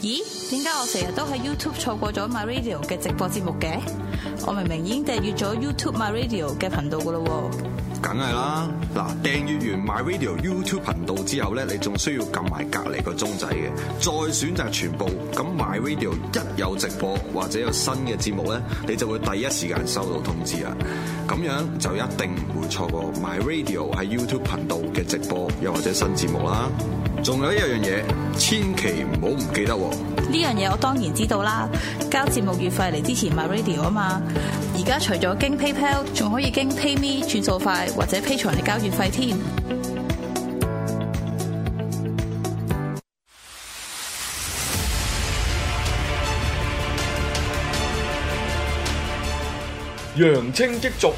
咦？點解我成日都喺 YouTube 錯過咗 MyRadio 嘅直播節目嘅？我明明已經訂閱咗 YouTube My Radio 嘅頻道噶咯喎，梗係啦。嗱，訂閱完 My Radio YouTube 頻道之後咧，你仲需要撳埋隔籬個鐘仔嘅，再選擇全部。咁 My Radio 一有直播或者有新嘅節目咧，你就會第一時間收到通知啦。咁樣就一定唔會錯過 My Radio 喺 YouTube 頻道嘅直播又或者新節目啦。仲有一樣嘢，千祈唔好唔記得。呢樣嘢我當然知道啦，交節目月費嚟支持 MyRadio 啊嘛。而家除咗經 PayPal，仲可以經 PayMe 轉數快或者 Patreon 嚟交月費添。揚清激濁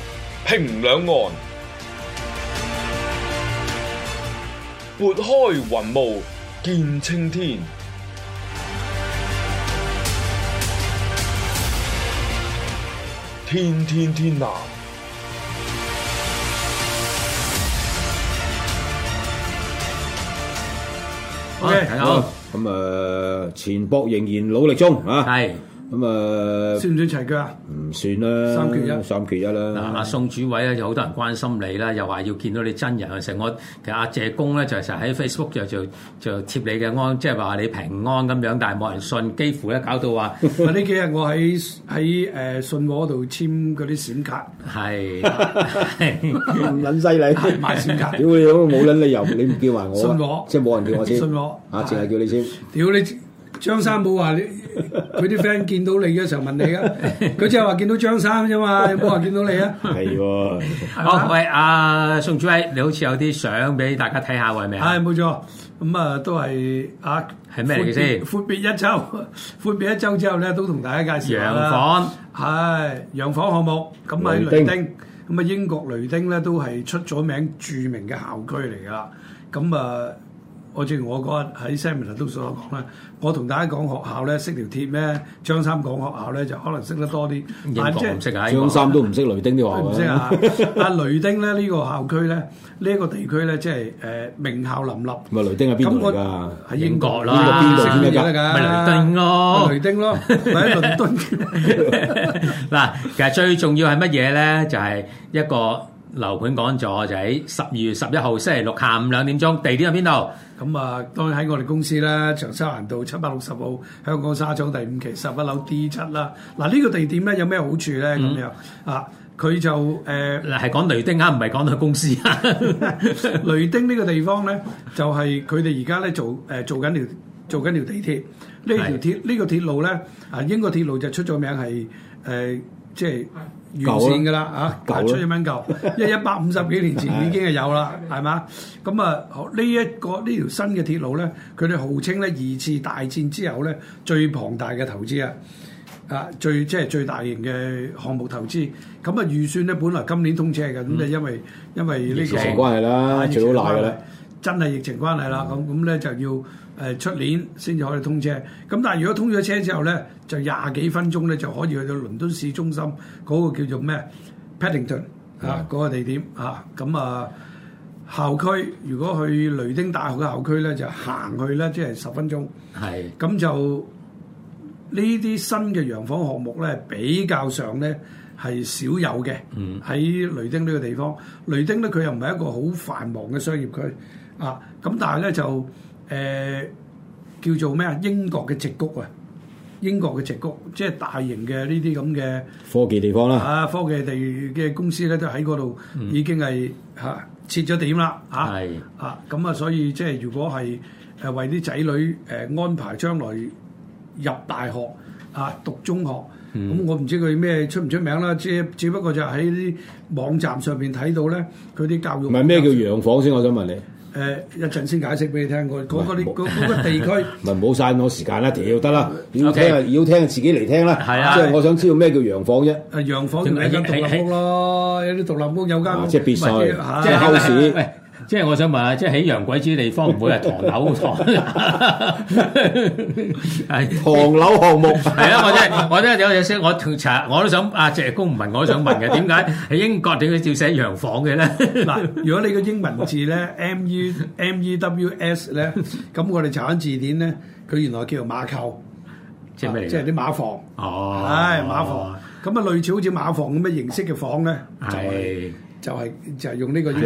平兩岸，撥開雲霧見青天。天天天藍。O.K. 好、啊，咁啊、呃，錢博仍然努力中嚇。係、啊。咁啊，算唔算齊腳啊？唔算啦，三缺一，三缺一啦。嗱，阿宋主委咧，有好多人關心你啦，又話要見到你真人啊！成我其實阿謝公咧，就成日喺 Facebook 就就就貼你嘅安，即係話你平安咁樣，但係冇人信，幾乎咧搞到話，呢幾日我喺喺誒信和度簽嗰啲閃卡，係咁撚犀利，買閃卡，屌你，冇撚理由，你唔叫埋我，信我，即係冇人叫我簽，信我，啊，淨係叫你簽，屌你！張生冇話你，佢啲 friend 見到你嘅時候問你啊，佢即係話見到張生啫嘛，有冇話見到你啊？係喎，好，喂，阿宋主偉，你好似有啲相俾大家睇下喎，係咪啊？係冇錯，咁啊都係啊，係咩嚟嘅先？闊別一週，闊別一週之後咧，都同大家介紹啦。洋房係洋房項目，咁喺雷丁，咁啊英國雷丁咧都係出咗名著名嘅校區嚟噶啦，咁啊。我之前我嗰日喺 Samuel 都所講咧，我同大家講學校咧識條鐵咩？張三講學校咧就可能識得多啲，但即係張三都唔識雷丁啲學校。唔識啊！阿雷丁咧呢個校區咧呢個地區咧即係誒名校林立。咪雷丁係邊度㗎？喺英國啦，邊度先得㗎？咪雷丁咯，雷丁咯，喺倫敦。嗱，其實最重要係乜嘢咧？就係一個。樓盤講咗就喺十二月十一號星期六下午兩點鐘，地點喺邊度？咁啊，當然喺我哋公司啦，長沙灣道七百六十號香港紗廠第五期十一樓 D 七啦。嗱，呢個地點咧有咩好處咧？咁樣啊，佢就誒係講雷丁啊，唔係講到公司啊。雷丁呢個地方咧，就係佢哋而家咧做誒做緊條做緊條地鐵。呢條鐵呢個鐵路咧啊，英國鐵路就出咗名係誒，即係。完善嘅啦嚇，排了、啊、出一蚊嚿，因為一百五十幾年前已經係有啦，係嘛？ 咁啊呢一個條呢條新嘅鐵路咧，佢哋號稱咧二次大戰之後咧最龐大嘅投資啊，啊最即係最大型嘅項目投資。咁啊預算咧本來今年通車嘅，咁就、嗯、因為因為呢個財務關係啦，少咗啦。真係疫情關係啦，咁咁咧就要誒出年先至可以通車。咁但係如果通咗車之後咧，就廿幾分鐘咧就可以去到倫敦市中心嗰個叫做咩 Paddington 啊嗰個地點啊。咁啊校區如果去雷丁大學嘅校區咧，就行去咧，即係十分鐘。係，咁就呢啲新嘅洋房項目咧，比較上咧係少有嘅。嗯，喺雷丁呢個地方，雷丁咧佢又唔係一個好繁忙嘅商業區。啊，咁但係咧就誒、呃、叫做咩啊？英國嘅直谷啊，英國嘅直谷，即係大型嘅呢啲咁嘅科技地方啦。啊，科技地嘅公司咧都喺嗰度，已經係嚇、嗯啊、設咗點啦。嚇，啊，咁是啊，所以即係如果係係、啊、為啲仔女誒安排將來入大學啊，讀中學，咁我唔知佢咩出唔出名啦。只只不過就喺啲網站上邊睇到咧，佢啲教育唔係咩叫洋房先，我想問你。誒，一陣先解釋俾你聽。我嗰啲嗰個地區，唔係冇嘥我時間啦，屌得啦，要聽要聽自己嚟聽啦。即係我想知道咩叫洋房啫？誒，洋房就係間獨立屋咯，有啲獨立屋有間即係別墅，即係 house。即係我想問下，即係喺洋鬼子地方唔會係唐樓，錯係唐樓、 哎、項目係啊！ 我真係我真係有嘢識，我查我都想阿謝公唔問，我都想，、啊、我都想問嘅點解喺英國點解照寫洋房嘅咧？嗱 如果你個英文字咧 M E M E W S 咧，咁我哋查緊字典咧，佢原來叫做馬廄，即係咩嚟？即係啲馬房哦，係馬房，咁啊、哦哎、類似好似馬房咁嘅形式嘅房咧，就的就係就係用呢個英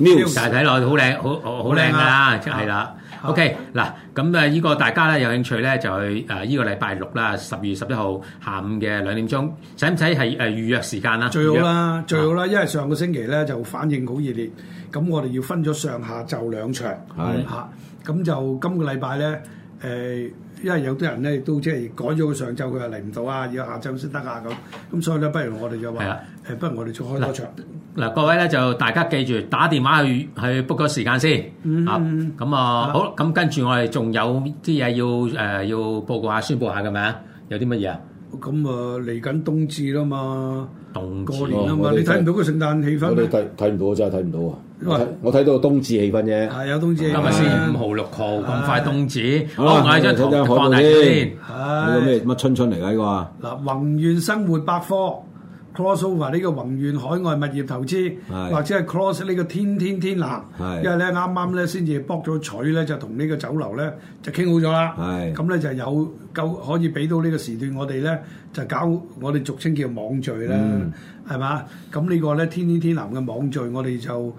英，但係睇落去好靚，好好好靚㗎啦，係啦。OK 嗱，咁誒依個大家咧有興趣咧就去誒依個禮拜六啦，十二月十一號下午嘅兩點鐘，使唔使係誒預約時間啦？最好啦，最好啦，因為上個星期咧就反應好熱烈，咁我哋要分咗上下晝兩場嚇，咁就今個禮拜咧誒。因為有啲人咧都即係改咗上晝佢又嚟唔到啊，要下晝先得啊咁，咁所以咧不如我哋就話，誒的、欸、不如我哋再開多場。嗱各位咧就大家記住打電話去去 book 個時間先，嗯、哼啊咁啊的好，咁跟住我哋仲有啲嘢要誒、呃、要報告下、宣佈下嘅嘛，有啲乜嘢啊？咁啊，嚟緊冬至啦嘛，過年啊嘛，你睇唔到個聖誕氣氛你睇睇唔到？我真係睇唔到啊為！我睇到冬至氣氛嘅，係有冬至。今日先？五號六號咁快冬至，哎、呀我買張圖放喺度先。呢、哎、呀個咩乜春春嚟噶？哇！嗱，宏遠生活百科。Crossover 呢個宏遠海外物業投資，是或者係 Cross 呢個天天天藍，是因為咧啱啱咧先至卜咗取咧，就同呢個酒樓咧就傾好咗啦。咁咧是就有夠可以俾到呢個時段我呢，我哋咧就搞我哋俗稱叫網聚啦，係嘛、嗯？咁呢個咧天天天藍嘅網聚，我哋就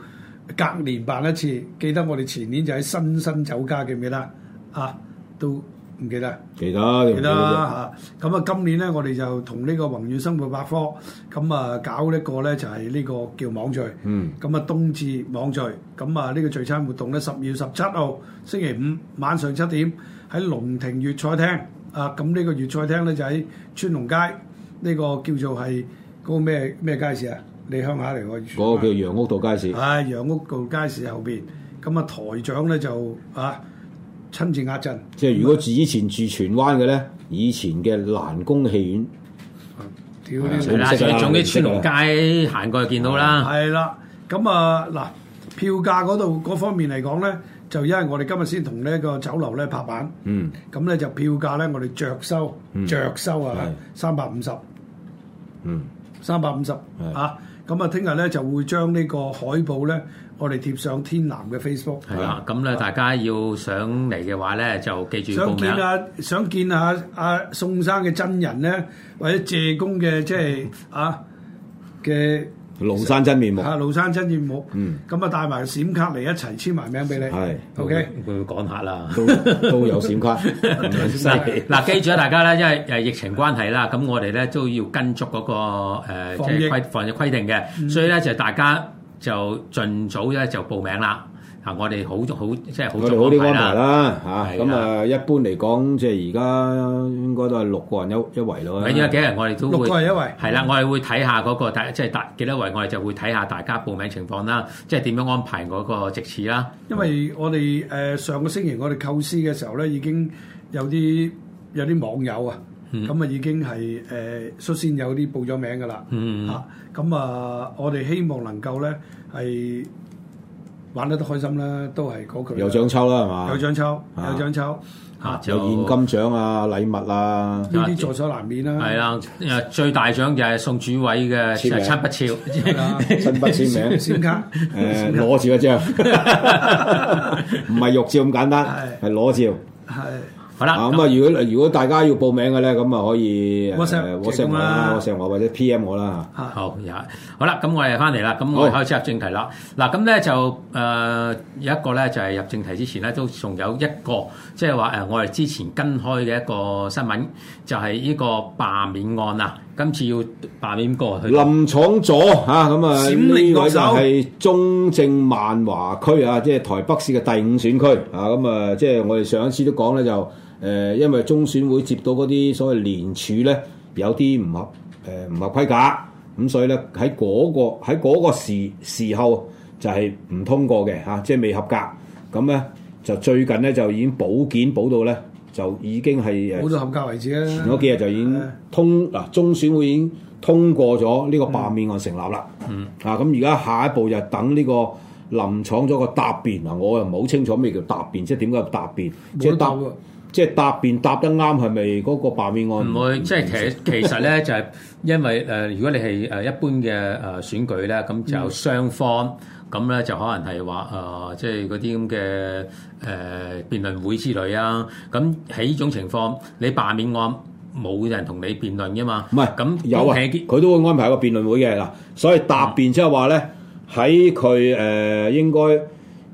隔年辦一次。記得我哋前年就喺新新酒家，記唔記得啊？都唔記得，記得，記得嚇。咁啊，今年咧，我哋就同呢個宏遠生活百科咁啊，搞一個咧，就係呢個叫網聚。嗯。咁啊，冬至網聚，咁啊，呢個聚餐活動咧，十二月十七號星期五晚上七點喺龍庭粵菜廳啊。咁呢個粵菜廳咧就喺川龍街呢個叫做係嗰個咩咩街市啊？你鄉下嚟嘅？嗰個叫楊屋道街市。啊楊屋道街市後邊。咁啊，台長咧就啊。親自壓陣，即係如果以前住荃灣嘅咧，以前嘅蘭宮戲院，屌啲、嗯，就喺總啲川龍街行過去見到、嗯啊、啦。係啦，咁啊嗱，票價嗰度嗰方面嚟講咧，就因為我哋今日先同呢個酒樓咧拍板，嗯，咁咧就票價咧我哋着收着、嗯、收啊，三百五十，嗯。三百五十啊，咁 350, 的啊，聽日咧就會將呢個海報咧，我哋貼上天南嘅 Facebook。係啦，咁咧大家要上嚟嘅話咧，啊、就記住想見啊，想見下、啊、阿、啊、宋生嘅真人咧，或者謝公嘅即係啊嘅。廬山真面目啊！廬山真面目，咁啊帶埋閃卡嚟一齊簽埋名俾你。係，OK，講下啦，都都有閃卡。嗱，記住大家咧，因為誒疫情關係啦，咁我哋咧都要跟足嗰，那個誒即係規防疫規定嘅，所以咧就大家就盡早咧就報名啦。啊！我哋好足好，即係好做安排啦嚇。咁啊，啊，啊，一般嚟講，即係而家應該都係六個人一一圍咯、啊。咁而家幾人？我哋都六個人一圍。係啦、啊，我哋會睇下嗰、那個大，即係大幾多圍，我哋就會睇下大家報名情況啦。即係點樣安排嗰個席次啦，因為我哋誒、呃、上個星期我哋構思嘅時候咧，已經有啲有啲網友啊，咁啊、嗯、已經係誒率先有啲報咗名噶啦。嗯嗯。咁啊，啊，我哋希望能夠咧係。玩得都開心啦，都係嗰句。有獎抽啦，係嘛？有獎抽，有獎抽，有現金獎啊、禮物啊，呢啲在所難免啦。係啦，最大獎就係宋主委嘅親筆簽。親筆簽名，簽家攞住一張，唔係玉照咁簡單，係裸照。係。好啦，咁啊，如果那如果大家要報名嘅咧，咁啊可以 WhatsApp 我 WhatsApp 我或者 PM 我啦，啊嗯。好，又係，好啦，咁我哋翻嚟啦，咁我哋開始入正題啦。嗱好，咁咧就誒、呃、有一個咧，就係入正題之前咧，都仲有一個，即係話誒，我哋之前跟開嘅一個新聞，就係、是、呢個罷免案啊。今次要罷免哥，林昶佐嚇咁啊！呢位就係中正萬華區啊，即係台北市嘅第五選區啊！咁啊，即係我哋上一次都講咧，就誒，因為中選會接到嗰啲所謂連署咧，有啲唔合誒唔合規格，咁所以咧喺嗰個喺嗰個時候就係唔通過嘅嚇，即係未合格。咁咧就最近咧就已經保檢保到咧。就已經係誒，冇到合格為止啦。前嗰幾日就已經通嗱，是的 中選會已經通過咗呢個罷免案成立啦。嗯啊，啊咁而家下一步就等呢個林昶佐個答辯啊！我又唔好清楚咩叫答辯，即係點解答辯？即係答，即係答辯答得啱係咪嗰個罷免案？唔會，不即係其實其實咧就係因為誒、呃，如果你係誒一般嘅誒選舉咧，咁就有雙方。咁咧就可能係話誒，即係嗰啲咁嘅誒辯論會之類啊。咁喺呢種情況，你罷免案冇人同你辯論嘅嘛？唔係是，咁那有啊，佢是都會安排一個辯論會嘅嗱。所以答辯即係話咧，喺佢誒應該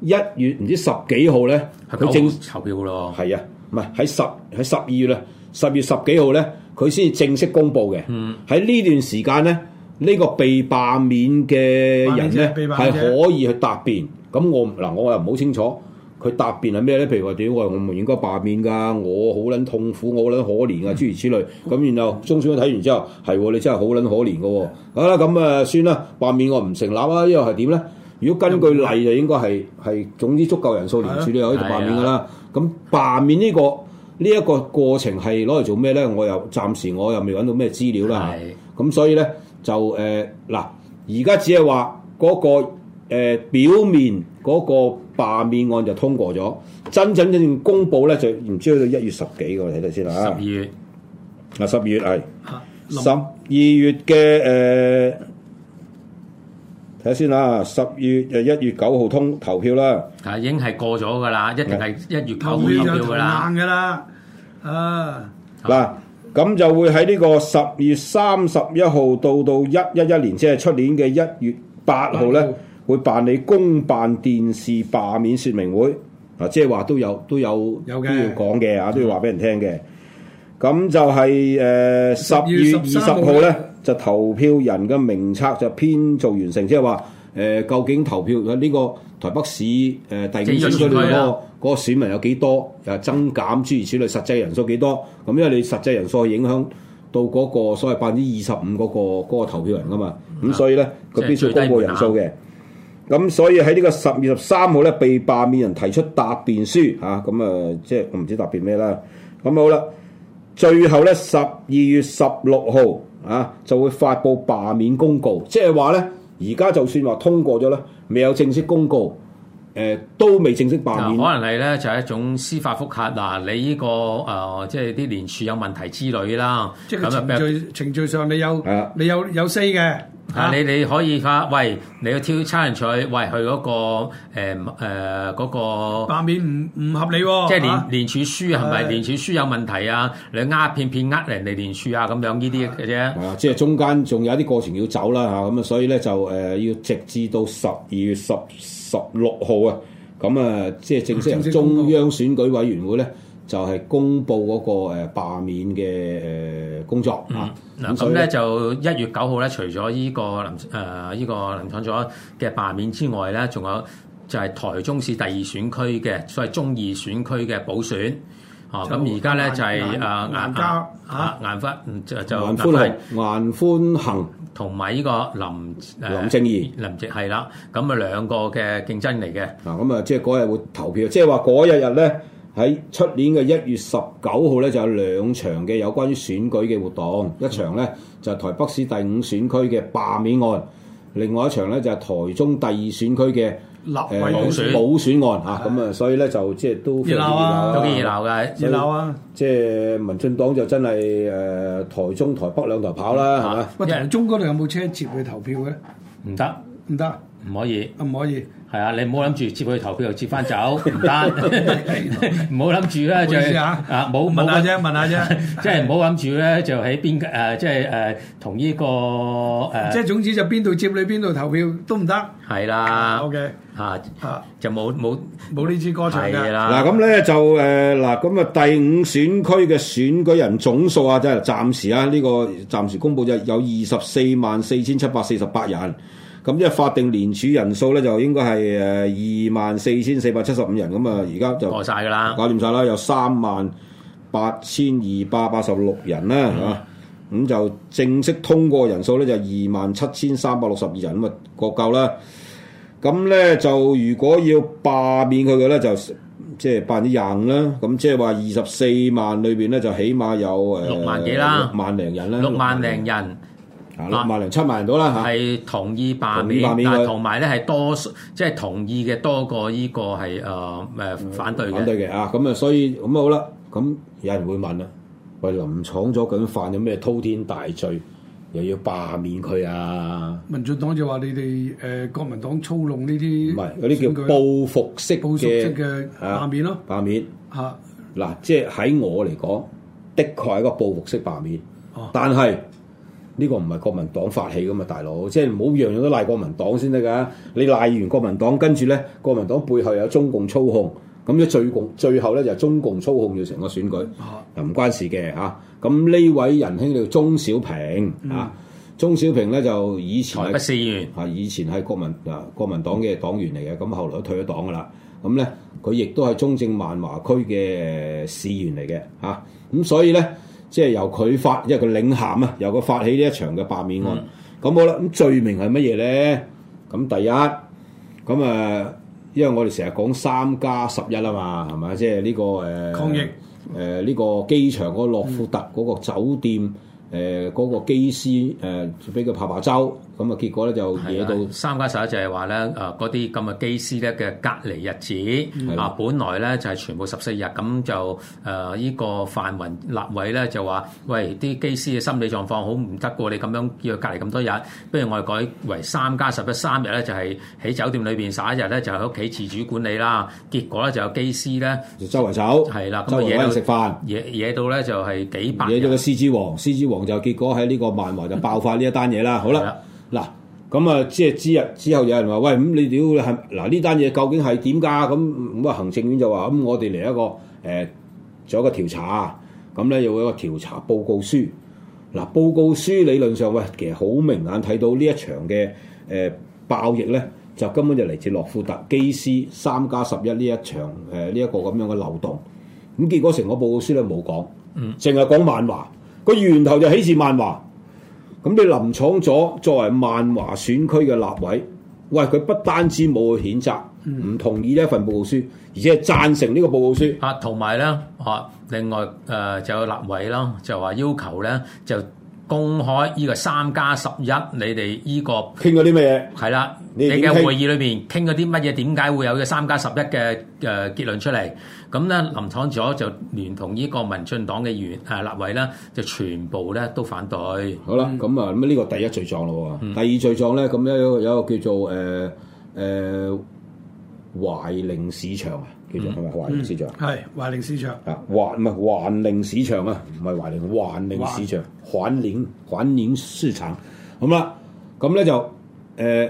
一月唔知十幾號咧，佢是正式投票咯。係啊，唔係喺十喺十二月啦，十月十幾號咧，佢先正式公布嘅。嗯，喺呢段時間咧。呢個被罷免嘅人咧，係可以去答辯。咁我嗱，我又唔好清楚佢答辯係咩咧？譬如話點，我我唔應該罷免㗎，我好撚痛苦，我撚可憐啊，諸如此類。咁、嗯、然後中選睇完之後，係、啊、你真係好撚可憐嘅。好啦的，咁誒、啊啊、算啦，罷免我唔成立啦，因為係點咧？如果根據例就應該係係總之足夠人數連署都可以罷免㗎啦。咁的罷免呢、這個呢一、這個過程係攞嚟做咩咧？我又暫時我又未揾到咩資料啦。咁所以咧。的就誒嗱，而、呃、家只係話嗰個、呃、表面嗰個罷免案就通過咗，真真正正公布咧就唔知去到一月十幾嘅，睇睇先啦。十二月啊，十二月係十二月嘅誒，睇下、呃、先啦、啊，十月誒一月九號通投票啦，啊已經係過咗㗎啦，一定係一月九號投票㗎啦，了了啊啦。咁就會喺呢個十月三十一號到到一一一年，即係出年嘅一月八號咧，會辦理公辦電視罷免說明會。啊，即係話都有都有，有的都要講嘅啊，的都要話俾人聽嘅。咁就係誒十月二十號咧，就投票人嘅名冊就編造完成，即係話誒究竟投票嘅、這、呢個。台北市誒、呃、第二選區咧，嗰個選民有幾多？又增減諸如此類，實際人數幾多？咁、嗯、因為你實際人數係影響到嗰個所謂百分之二十五嗰個投票人噶嘛。咁、嗯、所以咧，佢、嗯、必須公佈人數嘅。咁、嗯嗯、所以喺呢個十二月十三號咧，被罷免人提出答辯書嚇，咁、啊、誒、嗯嗯，即係我唔知答辯咩啦。咁好啦，最後咧十二月十六號啊，就會發布罷免公告，即係話咧。而家就算話通過咗咧，未有正式公告。誒都未正式罷免，啊，可能係咧就係一種司法覆核嗱，你呢、呢個誒、呃、即係啲連署有問題之類啦。即係程序如程序上你有、啊、你有有 C 嘅，啊你你可以翻喂，你要挑差人取喂去嗰、嗰個誒誒嗰個罷免唔唔合理喎，哦，即係連、啊、連署書係咪連署書有問題啊？你呃片片呃人哋連署啊咁樣呢啲嘅啫。啊，即係中間仲有啲過程要走啦吓，咁啊所以咧就誒要直至到十二月十。十六號啊，咁啊，即係正式由中央選舉委員會咧，就係、是、公布嗰個誒罷免嘅工作咁咧、嗯以嗯、就一月九號咧，除咗依、這個呃這個林誒依個林產組嘅罷免之外咧，仲有就係台中市第二選區嘅所謂中二選區嘅補選。咁而家咧就係、是嗯、啊，顏家啊，啊啊顏寬就就、啊、顏寬係顏寬恒，同埋呢個林林正義林夕係啦，咁啊兩個嘅競爭嚟嘅、啊。嗱，咁啊即係嗰日會投票，即係話嗰一日咧喺出年嘅一月十九號咧就有兩場嘅有關於選舉嘅活動，一場咧就是、台北市第五選區嘅罷免案，另外一場咧就係、是、台中第二選區嘅。立委補選、呃、補選案啊，咁啊，所以咧就即係都熱鬧，有啲熱鬧嘅，熱鬧啊！即係民進黨就真係誒、呃、台中、台北兩頭跑啦，係嘛？喂、啊，台中嗰度有冇車接去投票嘅咧？唔得，唔得，唔可以，唔可以。係啊，你唔好諗住接佢投票又接翻走，唔得，唔好諗住咧就啊，冇冇下啫，問下啫，呃就是呃這個呃、即係唔好諗住咧就喺邊誒，即係誒同呢個誒，即係總之就邊度接你邊度投票都唔得，係啦，OK，吓吓就冇冇冇呢支歌唱嘅，嗱咁咧就誒嗱咁啊第五選區嘅選舉人總數啊，即係暫時啊呢個暫時公布就有二十四萬四千七百四十八人。咁即係法定連署人數咧，就應該係誒二萬四千四百七十五人。咁啊，而家就過曬㗎啦，搞掂晒啦，有三萬八千二百八十六人啦，嚇、嗯。咁就正式通過人數咧，就二萬七千三百六十二人，咁啊過夠啦。咁咧就如果要罷免佢嘅咧，就即係百分之廿五啦。咁即係話二十四萬裏邊咧，就起碼有誒六萬幾啦，六萬零人啦，六萬零人。嗱，五萬零七萬唔到啦，係同意罷免，但係同埋咧係多，即、就、係、是、同意嘅多過呢個係誒誒反對嘅、嗯、啊，咁、嗯、啊，所以咁、嗯、好啦，咁、嗯、有人會問啦，喂，林昶佐咁犯咗咩滔天大罪，又要罷免佢啊？民進黨就話你哋誒、呃、國民黨操弄呢啲唔係，嗰啲叫報復式嘅嘅罷免咯、啊，罷、啊、免吓嗱、啊啊，即係喺我嚟講，的確係一個報復式罷免，但係。呢個唔係國民黨發起㗎嘛，大佬，即係唔好樣樣都賴國民黨先得㗎。你賴完國民黨，跟住咧國民黨背後有中共操控，咁一最共最後咧就係中共操控咗成個選舉，又唔關事嘅嚇。咁、啊、呢位仁兄叫鍾小平啊，鍾小平咧就以前係市員，係以前係國民啊國民黨嘅黨員嚟嘅，咁後來退咗黨㗎啦。咁咧佢亦都係中正萬華區嘅市員嚟嘅嚇，咁、啊、所以咧。即係由佢發，因為佢領銜啊，由佢發起呢一場嘅罷免案。咁、嗯、好啦，咁罪名係乜嘢咧？咁第一，咁誒，因為我哋成日講三加十一啊嘛，係咪？即係呢、呢個誒，呃、抗疫誒呢、呃呢個機場嗰個諾富特嗰個酒店誒嗰、嗯呃嗰個機師誒，俾、呃、佢拍爬洲。咁啊，結果咧就惹到三加十一就係話咧，誒嗰啲咁嘅機師咧嘅隔離日子的啊，本來咧就係、是、全部十四日，咁就誒依、呃這個范雲立委咧就話：喂，啲機師嘅心理狀況好唔得過，你咁樣要佢隔離咁多日，不如我哋改為三加十一三日咧，就係喺酒店裏邊十一日咧，就喺屋企自主管理啦。結果咧就有機師咧，就周圍走，係啦的，咁啊的圍惹到食飯，惹惹到咧就係幾百，惹咗個獅子王，獅子王就結果喺呢個萬華就爆發呢一單嘢啦。好啦。好嗱咁啊，即係之日之後有人話：喂，咁你屌你係嗱呢單嘢究竟係點㗎？咁咁啊，行政院就話：咁、嗯、我哋嚟一個誒，做、呃、一個調查啊。咁咧又有一個調查報告書。嗱、啊，報告書理論上喂、呃，其實好明眼睇到呢一場嘅誒、呃、爆疫咧，就根本就嚟自諾富特機師三加十一呢一場誒呢一個咁樣嘅漏洞。咁、啊、結果成個報告書咧冇講，嗯，淨係講萬華，個源頭就起自萬華。咁你林昶佐作為萬華選區嘅立委，喂，佢不單止冇去譴責，唔同意呢一份報告書，而且係贊成呢個報告書。啊，同埋咧，啊，另外誒、呃、就有立委啦，就話要求咧就。公開呢個三加十一，11，你哋呢、呢個傾咗啲乜嘢？係啦，了你嘅會議裏邊傾咗啲乜嘢？點解會有呢個三加十一嘅誒結論出嚟？咁咧，林昶佐就聯同呢個民進黨嘅員誒立委啦，就全部咧都反對。好啦了，咁啊、嗯，咁呢個第一罪狀咯。嗯、第二罪狀咧，咁咧有，有一個叫做誒誒懷寧市場啊。係華寧市場，係華寧市場。啊，環唔係環寧市場啊，唔係華寧，環寧市場，環寧環寧市場。好啦，咁咧就誒，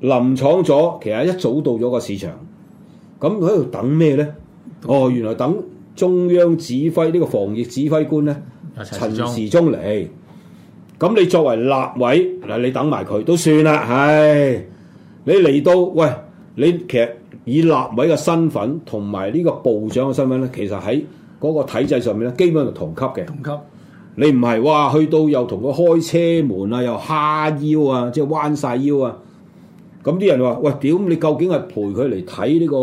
林昶佐，其實一早到咗個市場，咁喺度等咩咧？東東哦，原來等中央指揮呢、這個防疫指揮官咧，陳、啊、時中嚟。咁你作為立委，嗱你等埋佢都算啦。唉，你嚟到，喂，你其實。以立委嘅身份同埋呢個部長嘅身份咧，其實喺嗰個體制上面咧，基本上同級嘅。同級，你唔係哇？去到又同佢開車門啊，又哈腰啊，即係彎晒腰啊！咁、嗯、啲人話，喂，屌！你究竟係陪佢嚟睇呢個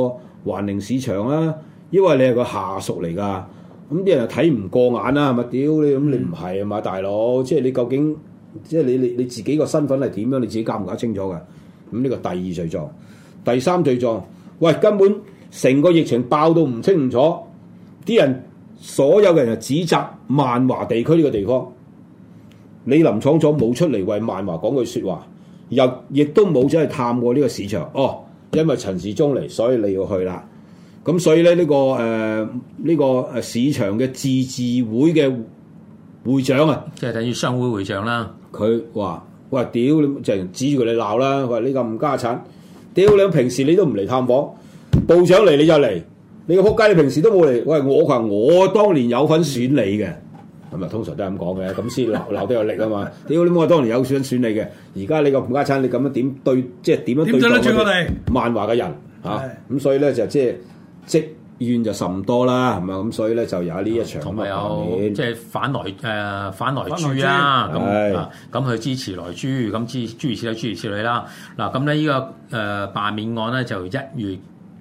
環寧市場啊？因為你係個下屬嚟㗎。咁、嗯、啲人睇唔過眼啦、啊，咪、嗯、屌你，咁你唔係係嘛大佬？即係你究竟即係你你你自己個身份係點樣？你自己搞唔搞清楚㗎？咁呢個第二罪狀，第三罪狀。喂，根本成個疫情爆到唔清唔楚，啲人所有嘅人就指責萬華地區呢個地方，你林昶佐冇出嚟為萬華講句說話，又亦都冇走去探過呢個市場。哦，因為陳時中嚟，所以你要去啦。咁所以咧呢、呢個誒呢、呃呢個誒市場嘅自治會嘅會長啊，即係等於商會會長啦。佢話：，喂，屌你，淨指住佢你鬧啦！話你咁唔家產。屌你！平時你都唔嚟探訪，部長嚟你就嚟。你個撲街，你平時都冇嚟。喂，我講話，我當年有份選你嘅，咁啊、嗯，通常都係咁講嘅，咁先鬧鬧都有力啊嘛。屌你！我當年有選選你嘅，而家你個冚家鏟，你咁樣點對，即係點樣對待漫畫嘅人啊？咁的所以咧就即係即。就是醫院就甚多啦，係咪咁？所以咧就有呢一場同埋有，有罷免即係反萊誒、呃、反萊豬啦，咁咁去支持萊豬，咁支諸如此類諸如此類啦。嗱咁咧呢個誒、呃、罷免案咧就一月。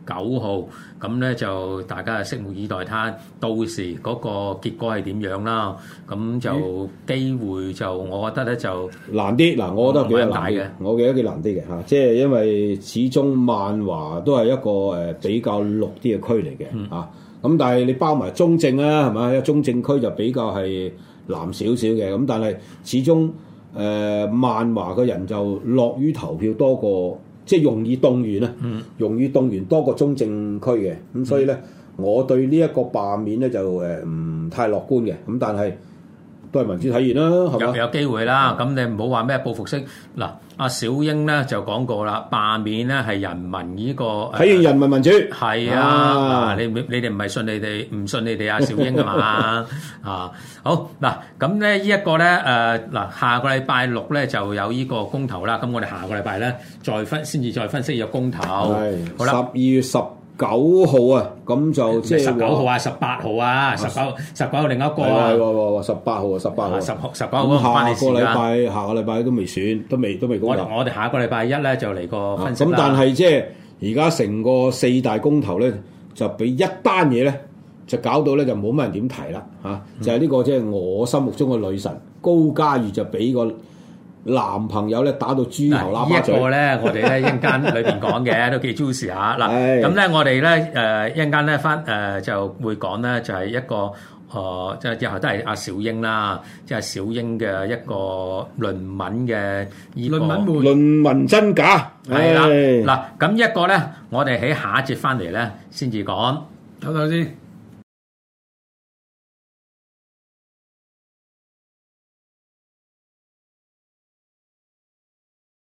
九號咁咧就大家啊拭目以待，睇到時嗰個結果係點樣啦。咁就機會就咦我覺得咧就難啲。嗱我，我覺得幾難嘅。難我覺得幾難啲嘅嚇，即係、嗯、因為始終萬華都係一個誒比較綠啲嘅區嚟嘅嚇。咁、嗯、但係你包埋中正啦，係咪？一中正區就比較係藍少少嘅。咁但係始終誒萬、呃、華嘅人就落於投票多過。即係容易動員啊，容易動員多過中正區嘅，咁所以咧，我對呢一個罷免咧就誒唔太樂觀嘅，咁但係，都係民主體驗啦，係嘛？有有機會啦，咁、嗯、你唔好話咩報復式嗱。阿、啊、小英咧就講過啦，罷免咧係人民呢、這個體驗看完、呃、人民民主係啊！啊你你哋唔係信你哋唔信你哋阿小英㗎嘛 啊？啊，好嗱，咁咧呢一個咧誒嗱，下個禮拜六咧就有呢個公投啦。咁我哋下個禮拜咧再分先至再，再分析有公投。係是，好啦，十二月十。九號哇啊，咁就即係十九號啊，十八號啊，十九十九號另一個十八號啊，十八號，十十九號，下個禮拜下個禮拜都未選，都未都未公開。我哋下一個禮拜一咧就嚟個分析咁、啊、但係即係而家成個四大公投咧，就俾一單嘢咧，就搞到咧就冇乜人點提啦，吓、啊、就係、是、呢、這個即係、就是、我心目中嘅女神高嘉瑜就俾個。男朋友咧打到豬頭攬黑嘴，一個咧我哋咧一陣間裏邊講嘅都幾 juicy 嚇嗱，咁咧我哋咧誒一陣間咧翻誒就會講咧就係一個誒即係之後都係阿小英啦，即係小英嘅一個論文嘅論文論文真假係啦嗱，咁一個咧我哋喺下一節翻嚟咧先至講等等先。